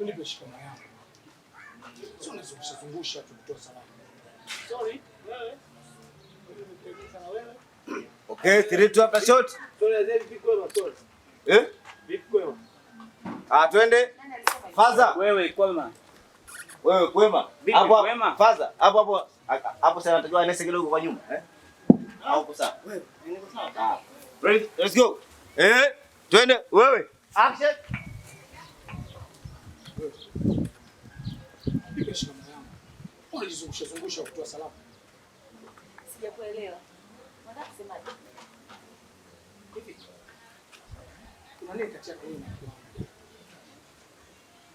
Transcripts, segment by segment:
Nipe shikama yangu. Sio unazungusha zungusha tu kutoa salamu. Sorry, wewe. Okay, tiritu hapa short. Eh? Ah, twende. Faza. Wewe kwema. Wewe kwema. Hapo kwema. Faza. Hapo hapo hapo sana natakiwa anese kidogo kwa nyuma, eh? Au kwa sawa. Wewe. Ah. Let's go. Eh? Twende wewe. Action. Unajizungusha zungusha kutoa salamu. Sijakuelewa. Unataka kusemaje?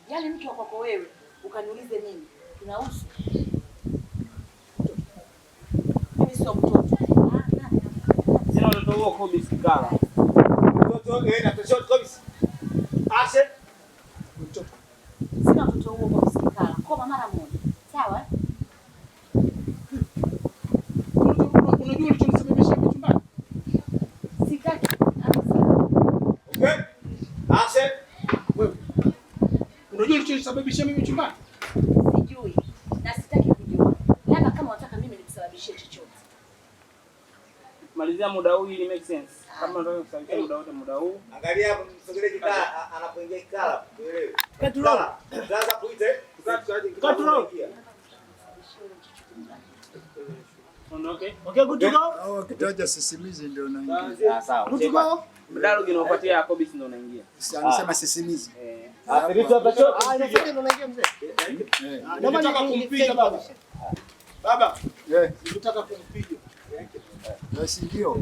Yaani mke wa kwako wewe ukaniulize mimi tunahusu? Mimi sio mtoto. Sina mtoto huo eh, komisi kala. Mtoto yeye anatoshia komisi. Ashe. Sina mtoto huo kwa msikala. Koma mara moja. Sawa? Unajua Sitaki. Okay. Wewe. Unajua mimi mchumba? Sijui. Na sitaki kujua. Labda kama wataka mimi nikusababishie chochote. Malizia muda huu ili make sense kama ndio usaidia muda wote muda huu. Angalia hapo msogelee anapoingia kikala tuelewe. Katulolo. Tukaanza kuita. Katulolo. Ondoke. Okay, good to go. Au kitaja sisimizi ndio naingia. Ah, ah, sawa. Good to go. Mdalo unaofuatia hapo ndio unaingia. Anasema sisimizi. Eh. Atirito ah, hapa chote. Hmm? Eh. Ah, ndio unaingia mzee. Eh. Nataka kumpiga baba. Baba. Eh. Nataka kumpiga. Ndio.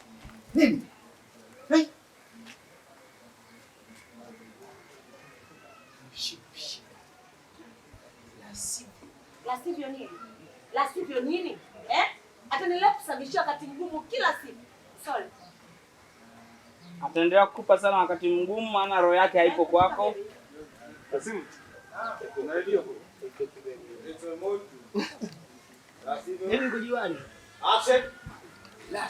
Mimi Lasivyo nini? Lasivyo nini? Eh? Ataendelea kusababishia wakati mgumu kila siku. Sorry. Ataendelea kukupa sana wakati mgumu, maana roho yake haipo eh, kwako. La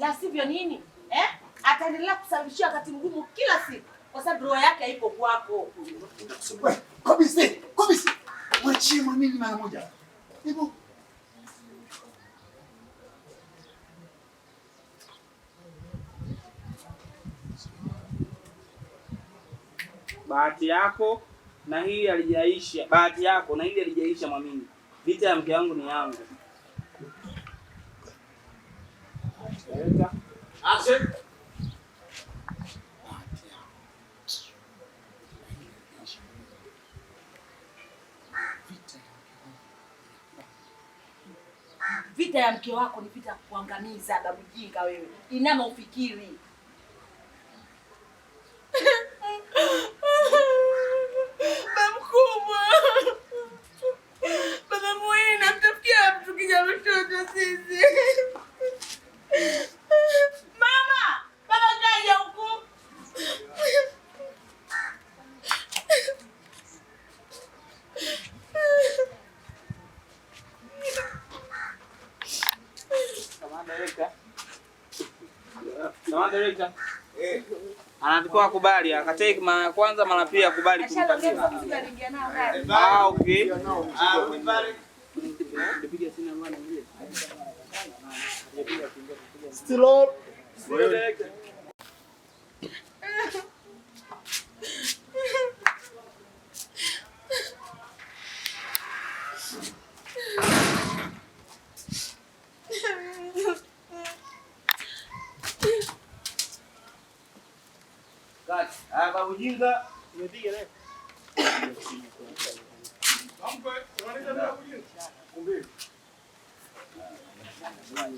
la sivyo nini eh? Ataendelea kusababishia wakati mgumu kila siku, kwa sababu roho yake haipo kwako kabisa kabisa. Mwachie mimi mara moja, hebu bahati yako na hii alijaisha, bahati yako na hili alijaisha. Mwamini, vita ya mke wangu ni yangu. Vita ya mke wako ni vita ya kuangamiza, babu jinga wewe. Inama ufikiri Anatakiwa akubali akatake mara ya kwanza, mara pili akubali ah, ah, Still alza